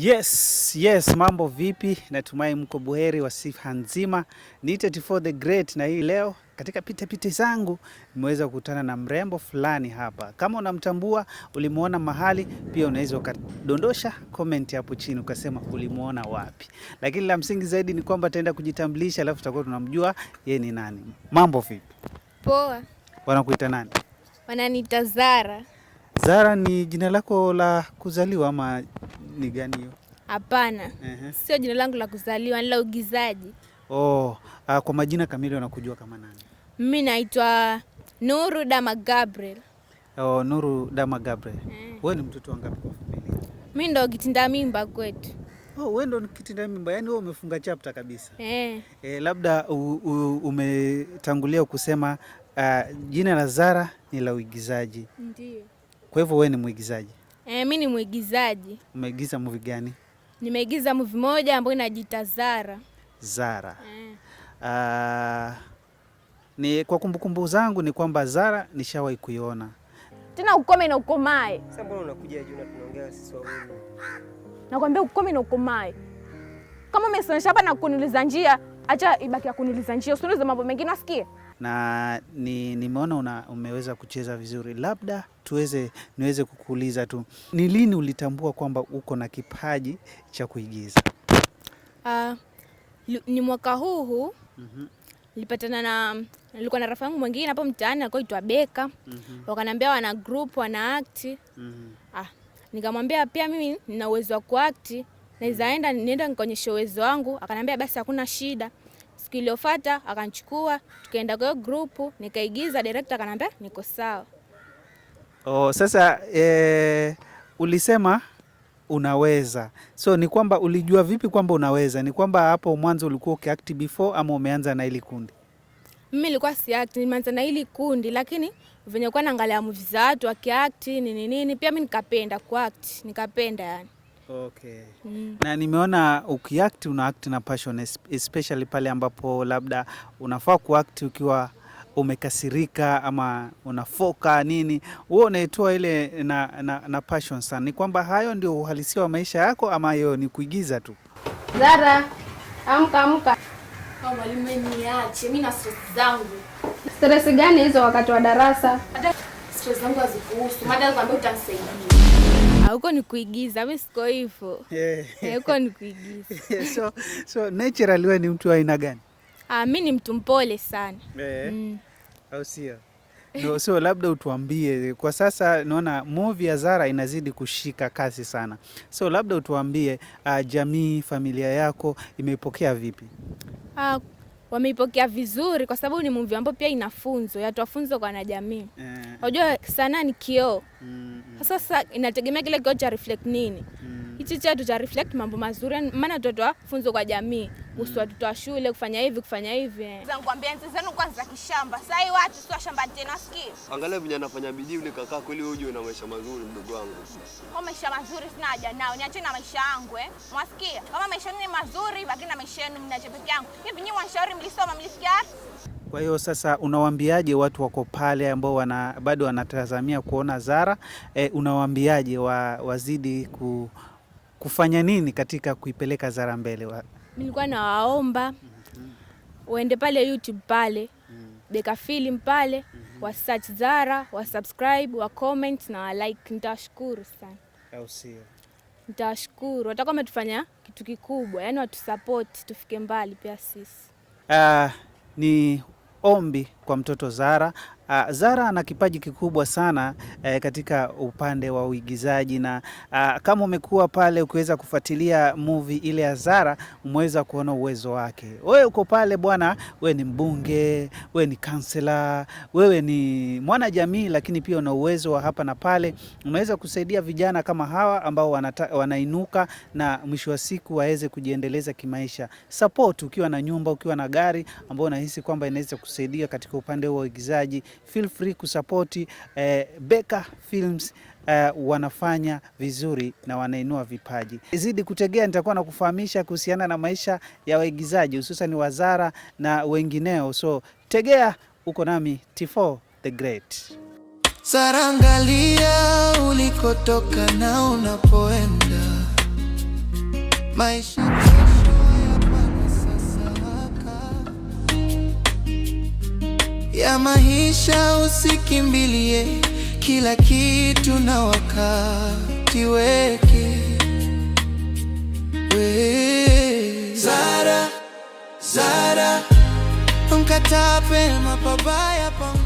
Yes, yes, mambo vipi? Natumai mko buheri wa sifa nzima. Ni 34 the Great na hii leo katika pitapita zangu nimeweza kukutana na mrembo fulani hapa. Kama unamtambua ulimuona mahali, pia unaweza ukadondosha comment hapo chini ukasema ulimuona wapi, lakini la msingi zaidi ni kwamba ataenda kujitambulisha, alafu tutakuwa tunamjua yeye ni nani. Mambo vipi? Poa. Wanakuita nani? Wananiita Zara. Zara ni jina lako la kuzaliwa ama ni gani hiyo? Hapana. uh -huh. Sio jina langu la kuzaliwa, ni la ugizaji. Oh, uh, kwa majina kamili wanakujua kama nani? Mimi naitwa Nuru Dama Gabriel. Oh, Nuru Dama Gabriel. Eh. Wewe uh -huh. ni mtoto wa ngapi kwa familia? Mimi ndo kitinda mimba kwetu. Oh, wewe ndo kitinda mimba, yaani wewe umefunga chapta kabisa. uh eh. -huh. Eh, labda u, u, umetangulia kusema uh, jina la Zara ni la uigizaji. Ndiyo. Kwa hivyo wewe ni mwigizaji? Eh, mi ni mwigizaji. Umeigiza movie gani? Nimeigiza movie moja ambayo inajita Zara. Zara. Eh. Uh, ni kwa kumbukumbu -kumbu zangu ni kwamba Zara nishawahi kuiona. Tena ukome na ukomae. Sasa mbona unakuja juu na tunaongea sisi wawili? Nakwambia ukome na ukomae. Kama umesonesha hapa na kuniuliza njia acha ibaki ya kuniuliza njia, usiniulize mambo mengine nasikie. Na ni nimeona una umeweza kucheza vizuri, labda tuweze niweze kukuuliza tu, ni lini ulitambua kwamba uko na kipaji cha kuigiza? Uh, ni mwaka huu huu mhm. nilipatana na nilikuwa na rafiki yangu mwingine hapo mtaani akaitwa Beka. mm -hmm. Wakaniambia wana group wana act. mm -hmm. Ah, nikamwambia pia mimi nina uwezo wa kuact, naweza enda nienda nikaonyeshe uwezo wangu. Akaniambia basi hakuna shida. Siku iliyofuata akanichukua tukaenda kwa group nikaigiza, director akaniambia niko sawa. Oh, sasa eh, ulisema unaweza so ni kwamba ulijua vipi kwamba unaweza? Ni kwamba hapo mwanzo ulikuwa ukiact before ama umeanza na hili kundi? Mimi nilikuwa si act, nilianza na hili kundi, lakini venye kuwa naangalia movie za watu wakiact nini nini, pia mimi nikapenda kuact, nikapenda yani Okay. Mm. Na nimeona ukiact una act na passion especially pale ambapo labda unafaa kuact ukiwa umekasirika ama unafoka nini, wewe unaitoa ile na, na, na passion sana. Ni kwamba hayo ndio uhalisia wa maisha yako ama hiyo ni kuigiza tu? Zara, amka amka. Mwalimu niache, mimi na stress zangu. Stress gani hizo wakati wa darasa? Stress zangu hazikuhusu. Mada nikwambia utanisaidia. Huko ni kuigiza, mimi siko hivyo. Eh, huko ni kuigiza. So, so naturally wewe ni mtu wa aina gani? Ah, mimi ni mtu mpole sana. Yeah. Mm. Au sio? No, so labda utuambie kwa sasa, naona movie ya Zara inazidi kushika kasi sana, so labda utuambie, uh, jamii, familia yako imeipokea vipi? Uh, wameipokea vizuri kwa sababu ni movie ambayo pia inafunzo funzo, yatoa funzo kwa wanajamii. Eh. Unajua, yeah. sanaa ni kioo mm. Sasa inategemea kile kikao cha reflect nini mm. hichi chetu cha reflect mambo mazuri, maana tutatoa funzo kwa jamii mm. kuhusu watoto wa shule kufanya hivi kufanya hivi. Nakwambia enzi zenu kwanza kishamba, sasa hii watu sio shamba tena, sikii. Angalia vile anafanya bidii yule kaka kweli, wewe una maisha mazuri, mdogo wangu. Kwa maisha mazuri sina haja nao, niache na maisha yangu eh. Mwasikia? Kama maisha yenu ni mazuri, baki na maisha yenu, mniache peke yangu. Hivi nyinyi wanshauri mlisoma, mlisikia? Kwa hiyo sasa unawaambiaje watu wako pale ambao wana, bado wanatazamia kuona Zara e, unawaambiaje wa, wazidi ku, kufanya nini katika kuipeleka Zara mbele wa... nilikuwa nawaomba waende pale YouTube pale Beka Film pale wa search Zara wa subscribe wa comment na wa like. nitashukuru sana, au sio? Nitashukuru, watakuwa wametufanya kitu kikubwa, yani watusupport tufike mbali pia sisi. Uh, ni ombi kwa mtoto Zara Uh, Zara ana kipaji kikubwa sana uh, katika upande wa uigizaji na uh, kama umekuwa pale ukiweza kufuatilia movie ile ya Zara umeweza kuona uwezo wake. Wewe uko pale bwana, wewe ni mbunge, wewe ni kansela, wewe ni mwana jamii, lakini pia una uwezo wa hapa na pale, unaweza kusaidia vijana kama hawa ambao wanata, wanainuka na mwisho wa siku waweze kujiendeleza kimaisha. Support ukiwa na nyumba, ukiwa na gari ambayo unahisi kwamba inaweza kusaidia katika upande wa uigizaji feel free kusupport eh, Beka Films eh, wanafanya vizuri na wanainua vipaji. Zidi kutegea, nitakuwa na kufahamisha kuhusiana na maisha ya waigizaji hususan wazara na wengineo, so tegea uko nami T4 the Great. Sarangalia ulikotoka na unapoenda maisha ya maisha. Usikimbilie kila kitu na wakati weke we. Zara, Zara, mkatape mapabaya pa